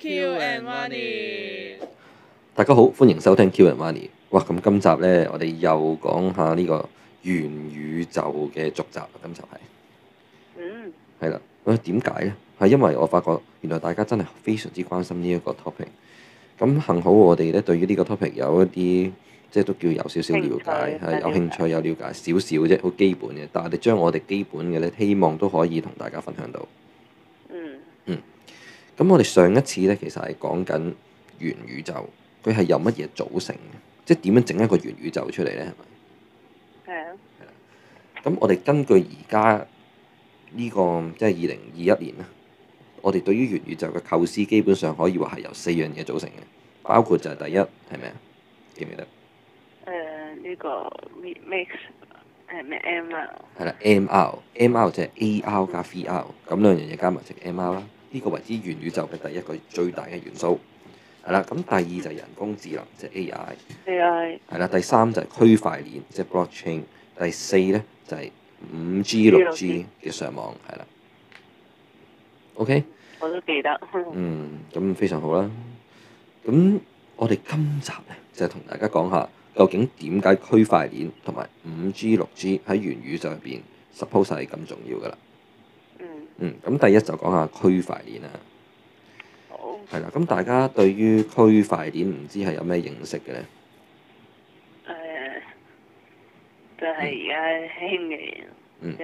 Q and Money，大家好，歡迎收聽 Q and Money。哇，咁今集呢，我哋又講下呢個元宇宙嘅續集，今集係，嗯，係啦。點解呢？係因為我發覺原來大家真係非常之關心呢一個 topic。咁幸好我哋咧，對於呢個 topic 有一啲，即係都叫有少少了解，係慣有興趣慣有了解少少啫，好基本嘅。但係我哋將我哋基本嘅咧，希望都可以同大家分享到。嗯。嗯。咁我哋上一次咧，其實係講緊元宇宙，佢係由乜嘢組成嘅？即係點樣整一個元宇宙出嚟咧？係咪？係啊 Yeah.。係啊。咁我哋根據而家呢個即係二零二一年啦，我哋對於元宇宙嘅構思基本上可以話係由四樣嘢組成嘅，包括就係第一係咩啊？記唔記得？誒呢、uh, 這個 mix 誒咩 M R？係啦，M R，M R 就係 AR 加 VR、mm。咁、hmm. 兩樣嘢加埋即係 M R 啦。呢個為之元宇宙嘅第一個最大嘅元素，係啦。咁第二就係人工智能，即係 AI, AI。AI。係啦，第三就係區塊鏈，即係 blockchain。第四咧就係五 G、六 G 嘅上網，係啦。OK。我都記得。呵呵嗯，咁非常好啦。咁我哋今集咧就係同大家講下，究竟點解區塊鏈同埋五 G、六 G 喺元宇宙入邊 suppose 係咁重要㗎啦？嗯，咁第一就講下區塊鏈啦，好，係啦，咁大家對於區塊鏈唔知係有咩認識嘅咧？誒，uh，就係而家興嘅嘢。嗯。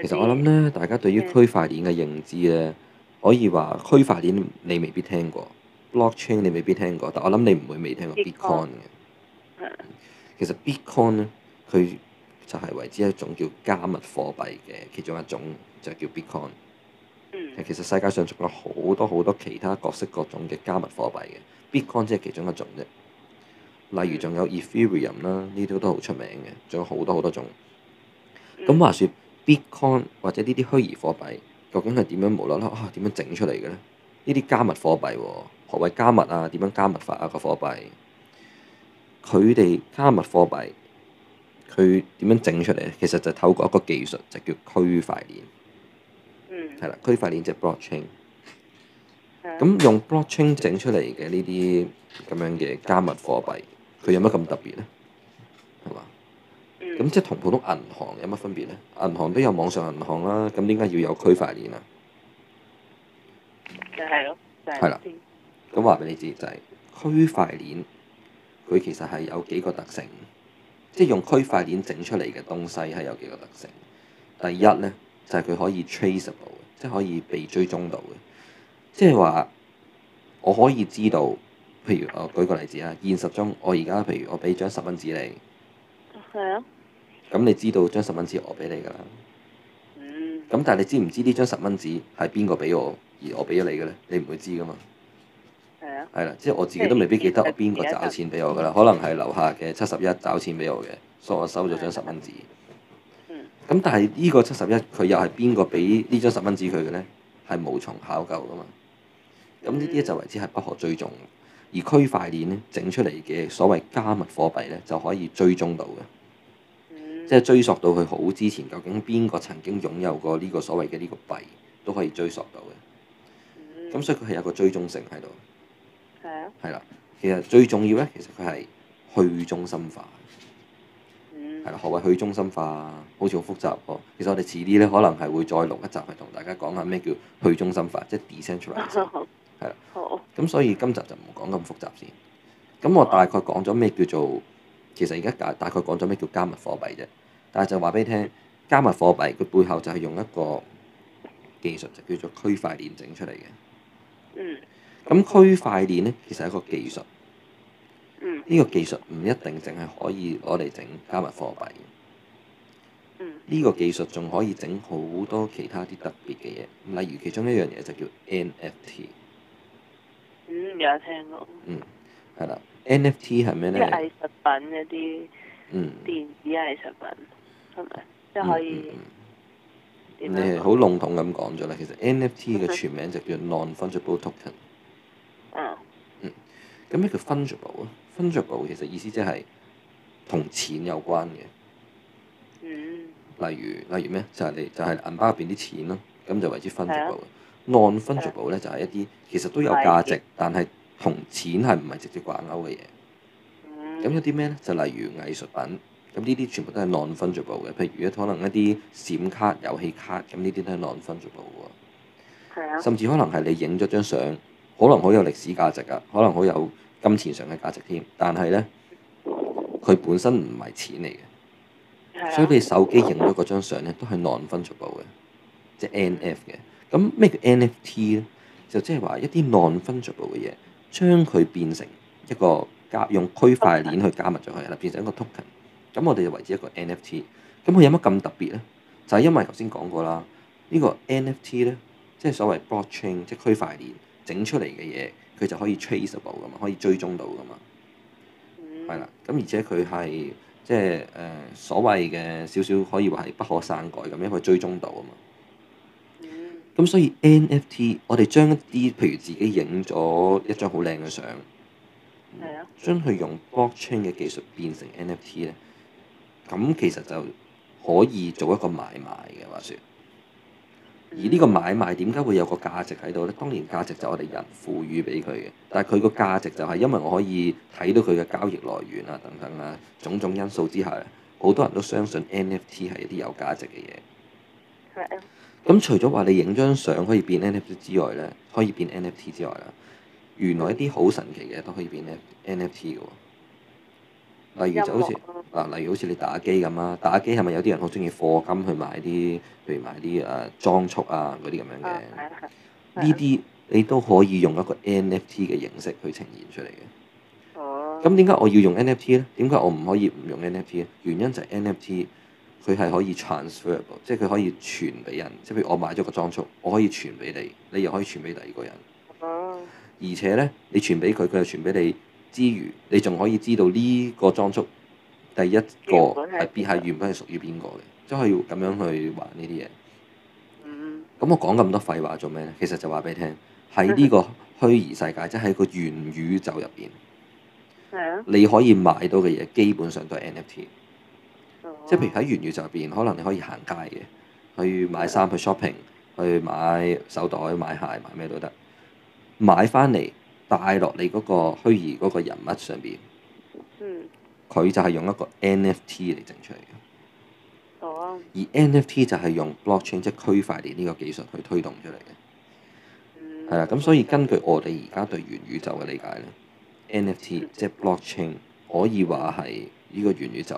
其實我諗咧，大家對於區塊鏈嘅認知咧，可以話區塊鏈你未必聽過，blockchain 你未必聽過，但我諗你唔會未聽過 Bitcoin 嘅。嗯。其實 Bitcoin 咧佢。就係為之一種叫加密貨幣嘅其中一種，就叫 Bitcoin。其實世界上仲有好多好多其他各式各種嘅加密貨幣嘅，Bitcoin 即係其中一種啫。例如仲有 Ethereum 啦，呢啲都好出名嘅，仲有好多好多種。咁話説 Bitcoin 或者呢啲虛擬貨幣，究竟係點樣冇啦啦？啊，點樣整出嚟嘅呢？呢啲加密貨幣何謂加密啊？點樣加密法啊？個貨幣佢哋加密貨幣。佢點樣整出嚟咧？其實就透過一個技術，就叫區塊鏈。嗯。係啦，區塊鏈就係 blockchain。咁、嗯、用 blockchain 整出嚟嘅呢啲咁樣嘅加密貨幣，佢有乜咁特別咧？係嘛？咁、嗯、即係同普通銀行有乜分別咧？銀行都有網上銀行啦，咁點解要有區塊鏈啊、嗯嗯？就係咯，就係。係啦，咁話俾你知就係區塊鏈，佢其實係有幾個特性。即係用區塊鏈整出嚟嘅東西係有幾個特性。第一咧就係、是、佢可以 traceable，即係可以被追蹤到嘅。即係話我可以知道，譬如我，我舉個例子啊，現實中我而家譬如我俾張十蚊紙你，係啊，咁你知道張十蚊紙我俾你㗎啦。咁、mm. 但係你知唔知呢張十蚊紙係邊個俾我而我俾咗你嘅咧？你唔會知㗎嘛？係啦，即係我自己都未必記得我邊個找錢俾我噶啦，可能係樓下嘅七十一找錢俾我嘅，所以我收咗張十蚊紙。嗯。咁但係呢個七十一，佢又係邊個俾呢張十蚊紙佢嘅呢，係無從考究噶嘛。咁呢啲就為之係不可追蹤，而區塊鏈呢，整出嚟嘅所謂加密貨幣呢，就可以追蹤到嘅，嗯、即係追索到佢好之前，究竟邊個曾經擁有過呢個所謂嘅呢個幣都可以追索到嘅。嗯。咁所以佢係有個追蹤性喺度。係啊，係啦，其實最重要咧，其實佢係去中心化，嗯，係啦，何謂去中心化？好似好複雜喎，其實我哋遲啲咧，可能係會再錄一集，係同大家講下咩叫去中心化，即係 decentralised，係啦，好，好，咁所以今集就唔講咁複雜先。咁我大概講咗咩叫做，其實而家大大概講咗咩叫加密貨幣啫，但係就話俾你聽，加密貨幣佢背後就係用一個技術就叫做區塊鏈整出嚟嘅，嗯。咁區塊鏈咧，其實係一個技術，呢個技術唔一定淨係可以攞嚟整加密貨幣。嗯。呢個技術仲可以整好多其他啲特別嘅嘢，例如其中一樣嘢就叫 NFT。嗯，有聽過。嗯，係啦。NFT 係咩咧？一啲藝術品，一啲。嗯。電子藝術品，係咪、嗯？即、就係、可以。你係好籠統咁講咗啦。其實 NFT 嘅全名就叫 Non-Fungible Token。咁咩叫 fungible 啊？Fungible 其實意思即係同錢有關嘅，例如，例如咩？就係你，就係銀包入邊啲錢咯，咁就為之 fungible。Non-fungible 咧，Yeah. 就係一啲其實都有價值，Right. 但係同錢係唔係直接掛鈎嘅嘢。咁、mm. 有啲咩咧？就例如藝術品，咁呢啲全部都係 non-fungible 嘅。譬如咧，可能一啲閃卡、遊戲卡，咁呢啲都係 non-fungible 嘅。Yeah. 甚至可能係你影咗張相。可能好有歷史價值啊，可能好有金錢上嘅價值添。但係呢，佢本身唔係錢嚟嘅，所以你手機影咗嗰張相呢，都係 non-fungible 嘅，即係 NFT 嘅。咁咩叫 NFT 呢？就即係話一啲 non-fungible 嘅嘢，將佢變成一個用區塊鏈去加密咗佢啦，變成一個 token。咁我哋就為之一個 NFT。咁佢有乜咁特別呢？就係因為頭先講過啦，呢個 NFT 呢，即係所謂 blockchain，即係區塊鏈。整出嚟嘅嘢，佢就可以 traceable 噶嘛，可以追蹤到噶嘛，係啦、嗯。咁而且佢係，即係誒所謂嘅少少可以話係不可篡改，咁樣去追蹤到啊嘛。咁、嗯、所以 NFT，我哋將一啲譬如自己影咗一張好靚嘅相，將佢的用 Blockchain 嘅技術變成 NFT 咧，咁其實就可以做一個買賣嘅話説。而呢個買賣點解會有個價值喺度呢？當然價值就我哋人賦予俾佢嘅，但係佢個價值就係因為我可以睇到佢嘅交易來源啊、等等啊、種種因素之下，好多人都相信 NFT 係一啲有價值嘅嘢。咁 Right. 除咗話你影張相可以變 NFT 之外咧，可以變 NFT 之外啦，原來一啲好神奇嘅嘢都可以變 NFT 嘅喎。例如就好似啊，樂例如好似你打機咁啦，打機係咪有啲人好中意課金去買啲，譬如買啲誒、啊、裝束啊嗰啲咁樣嘅，呢啲、嗯嗯、你都可以用一個 NFT 嘅形式去呈現出嚟嘅。哦、嗯。咁點解我要用 NFT 咧？點解我唔可以唔用 NFT 咧？原因就係 NFT 佢係可以 transferable，即係佢可以傳俾人。即係譬如我買咗個裝束，我可以傳俾你，你又可以傳俾第二個人。嗯、而且咧，你傳俾佢，佢又傳俾你。之餘，你仲可以知道呢個裝束第一個係邊個，原本係屬於邊個嘅，即係要咁樣去玩呢啲嘢。咁、嗯、我講咁多廢話做咩咧？其實就話俾你聽，喺呢個虛擬世界，嗯、即係喺個元宇宙入邊，嗯、你可以買到嘅嘢基本上都係 NFT、嗯。即係譬如喺元宇宙入邊，可能你可以行街嘅，去買衫、嗯、去 shopping、去買手袋、買鞋、買咩都得，買翻嚟。帶落你嗰個虛擬嗰個人物上邊，佢、嗯、就係用一個 NFT 嚟整出嚟嘅，哦、而 NFT 就係用 blockchain 即係區塊鏈呢個技術去推動出嚟嘅，嗯，係啦，咁所以根據我哋而家對元宇宙嘅理解咧，NFT 即係、嗯、blockchain 可以話係呢個元宇宙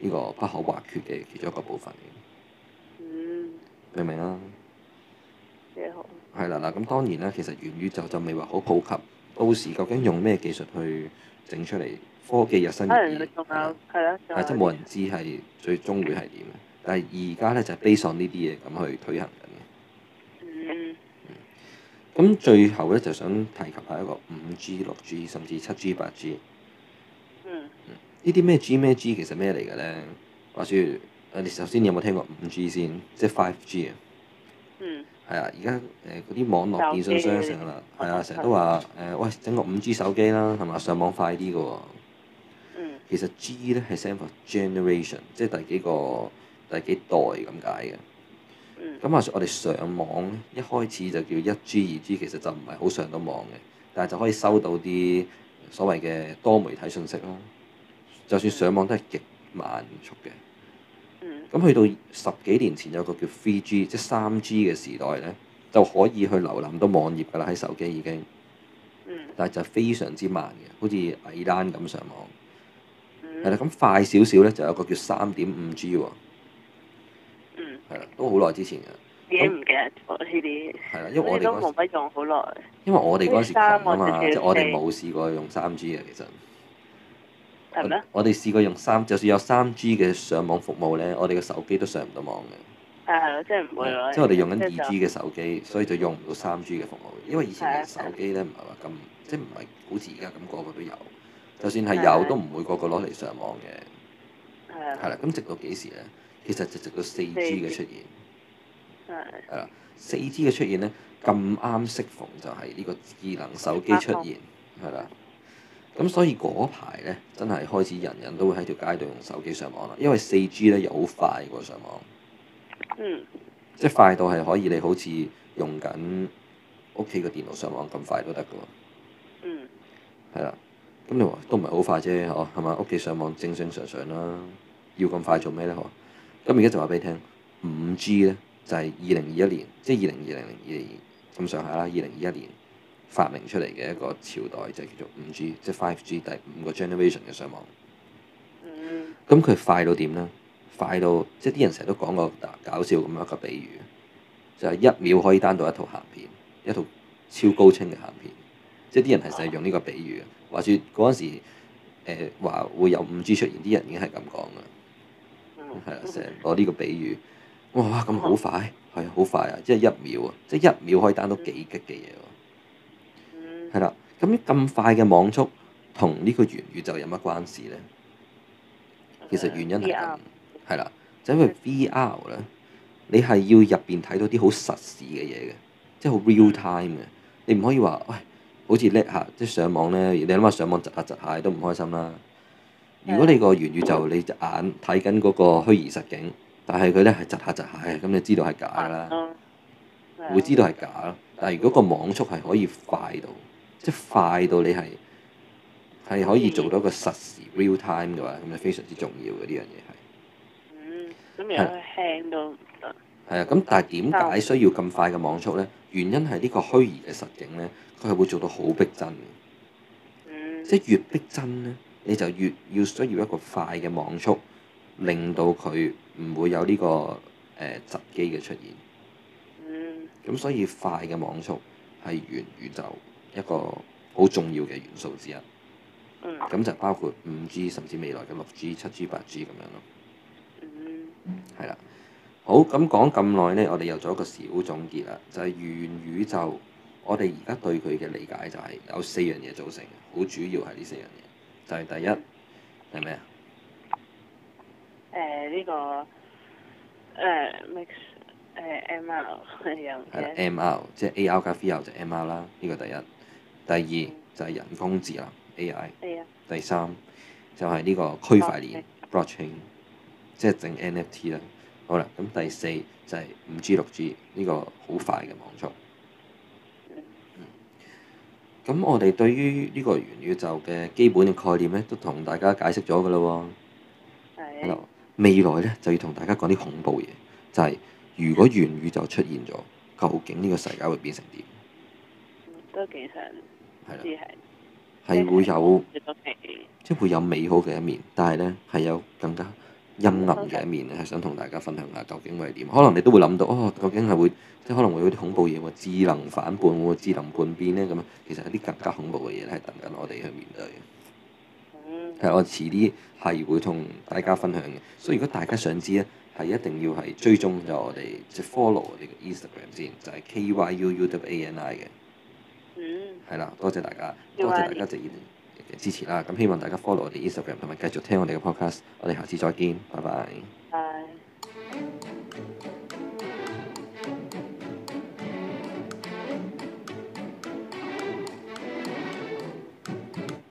呢、呢個不可或缺嘅其中一個部分嚟、嗯、明唔明啊？幾好，係啦，嗱，咁當然啦，其實元宇宙就未話好普及。到時究竟用咩技術去整出嚟？科技日新月異，係啦，即係冇人知係最終會係點。但係而家咧就 base on 呢啲嘢咁去推行緊。嗯。咁、嗯、最後咧就想提及一下一個五 G、六 G 甚至七 G、八 G。嗯。呢啲咩 G 咩 G 其實咩嚟嘅咧？話説你首先有冇聽過五 G 先，即係 five G 啊？係啊，而家誒嗰啲網絡電信商成日啦，係啊，成、嗯、日都話誒、呃，喂，整個五 G 手機啦，係咪，上網快啲嘅喎。嗯、其實 G 咧係 short for generation，即係第幾個、第幾代咁解嘅。嗯。咁話説我哋上網一開始就叫一 G、二 G，其實就唔係好上到網嘅，但係就可以收到啲所謂嘅多媒體信息囉。就算上網都係極慢速嘅。咁去到十幾年前有個叫 3G，即係三 G 嘅時代咧，就可以去瀏覽多網頁㗎啦，喺手機已經。嗯。但係就非常之慢嘅，好似矮欄咁上網。嗯。係啦，咁快少少咧，就有一個叫三點五 G 喎。嗯。係啦，都好耐之前㗎。已經唔記得咗呢啲。係啦那以，因為我哋都冇用好耐。因為我哋嗰時冇試過用三 G 嘅其實。我哋試過用三，就算有三 G 嘅上網服務咧，我哋嘅手機都上唔到網嘅。誒，即係唔會囉。即係我哋用緊二 G 嘅手機，所以就用唔到三 G 嘅服務。因為以前嘅手機咧，唔係話咁，即係唔係好似而家咁個個都有。就算係有，的都唔會個個攞嚟上網嘅。係啊的。係啦，咁直到幾時咧？其實就直到四 G 嘅出現。係 4 G,。係啦，四 G 嘅出現咧，咁啱適逢就係呢個智能手機出現，係啦 4 G 的。咁所以嗰排咧，真係開始人人都會喺條街度用手機上網啦，因為四 g 咧又好快喎，上網，即係、嗯、快到係可以你好似用緊屋企個電腦上網咁快都得嘅喎，嗯，係啦，咁你話都唔係好快啫，嗬，係咪屋企上網正正常常啦，要咁快做咩呢？嗬，咁而家就話俾你聽，五 g 呢，就係二零二一年，即係二零二零零二零咁上下啦，二零二一年。發明出嚟嘅一個朝代就係叫做五 G，即係 five G 第五個 generation 嘅上網。嗯。咁佢快到點呢？快到即係啲人成日都講個搞笑咁樣一個比喻，就係一秒可以 down 到一套鹹片，一套超高清嘅鹹片。即係啲人係成日用呢個比喻，話説嗰陣時誒話會有五 G 出現，啲人已經係咁講噶。嗯。係啊，成日攞呢個比喻，哇哇咁好快，係啊，好快啊！即係一秒啊，即係一秒可以 down 到幾吉嘅嘢喎。係啦，咁咁快嘅網速同呢個元宇宙有乜關事呢？Okay, 其實原因係咁，係啦 VR.，就是、因為 VR 咧，你係要入邊睇到啲好實時嘅嘢嘅，即係好 real time 嘅。Mm hmm. 你唔可以話，喂、哎，好似叻下，即係上網咧，你諗下上網窒下窒下都唔開心啦。如果你個元宇宙你隻眼睇緊嗰個虛擬實境，但係佢咧係窒下窒下，咁、嗯、你知道係假啦，mm hmm. 會知道係假咯。但係如果個網速係可以快到，即係快到你係係可以做到一個實時 real time 嘅話，咁就、mm. 非常之重要嘅呢樣嘢係。咁又輕都唔得。係啊、嗯，咁但係點解需要咁快嘅網速呢？原因係呢個虛擬嘅實景實境呢，佢係會做到好逼真、mm. 即係越逼真呢，你就越要需要一個快嘅網速，令到佢唔會有呢、這個誒窒機嘅出現。咁、mm. 所以快嘅網速係元宇宙。一個好重要嘅元素之一，咁、嗯、就包括五 G 甚至未來嘅六 G、七 G、八 G 咁樣咯。嗯。係啦，好咁講咁耐呢，我哋又做一個小總結啦，就係、是、元宇宙，我哋而家對佢嘅理解就係有四樣嘢組成，好主要係呢四樣嘢。就係、是、第一係咩啊？呢、嗯這個誒、uh, mix 誒 MR 係啦 MR 即係 AR 加 VR 就 MR 啦。呢個第一。第二就係、是、人工智能 AI，, AI 第三就係、是、呢個區塊鏈 Blockchain，即係整 NFT 啦。好啦，咁第四就係、是、五 G 六 G 呢個好快嘅網速。咁的、嗯、我哋對於呢個元宇宙嘅基本嘅概念呢，都同大家解釋咗噶啦喎。係的。未來呢，就要同大家講啲恐怖嘢，就係、是、如果元宇宙出現咗，究竟呢個世界會變成點？都幾想。係啦，係會有即係會有美好嘅一面，但係咧係有更加陰暗嘅一面，係想同大家分享下究竟會係點。可能你都會諗到哦，究竟係會即係可能會有啲恐怖嘢喎，智能反叛喎，會會智能叛變咧咁啊。其實有啲更加恐怖嘅嘢咧係等緊我哋去面對。嗯，係我遲啲係會同大家分享嘅。所以如果大家想知咧，係一定要係追蹤咗我哋即 follow 我哋嘅 Instagram 先，就係 K Y U U W A N I 嘅。係啦，多謝大家，多謝大家一直以嚟嘅支持啦。咁希望大家 follow 我哋 Instagram 同埋繼續聽我哋嘅 podcast。我哋下次再見，拜拜。